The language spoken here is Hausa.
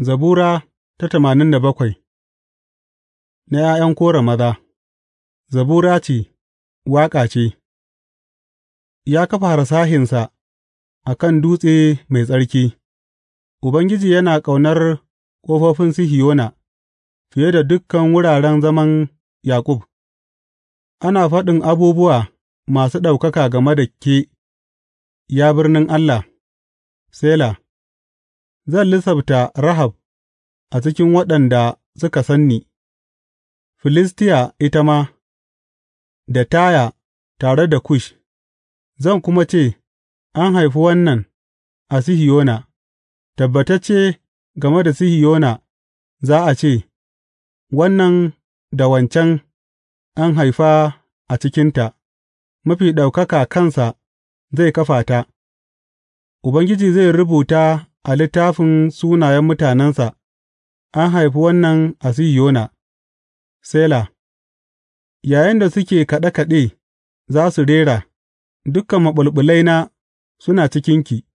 Zabura ta tamanin da bakwai Na ’ya'yan Kora maza Zabura ce, waƙa ce, Ya kafa harsahinsa a kan dutse mai tsarki; Ubangiji yana ƙaunar ƙofofin Sihiyona fiye da dukan wuraren zaman Yaƙub, ana faɗin abubuwa masu ɗaukaka game da ke, ya birnin Allah, Sela Zan lissafta Rahab a cikin waɗanda suka san ni, Filistiya ita ma, da Taya tare da Kush, zan kuma ce, An haifi wannan a Sihiyona, tabbatacce game da Sihiyona za a ce, Wannan da wancan an haifa a cikinta, Mafi Ɗaukaka kansa zai kafa ta, Ubangiji zai rubuta a littafin sunayen mutanensa, An haifi wannan a Sihiyona, Sela Yayinda suke kaɗe kaɗe, za su rera, Dukan maɓulɓulaina suna cikinki.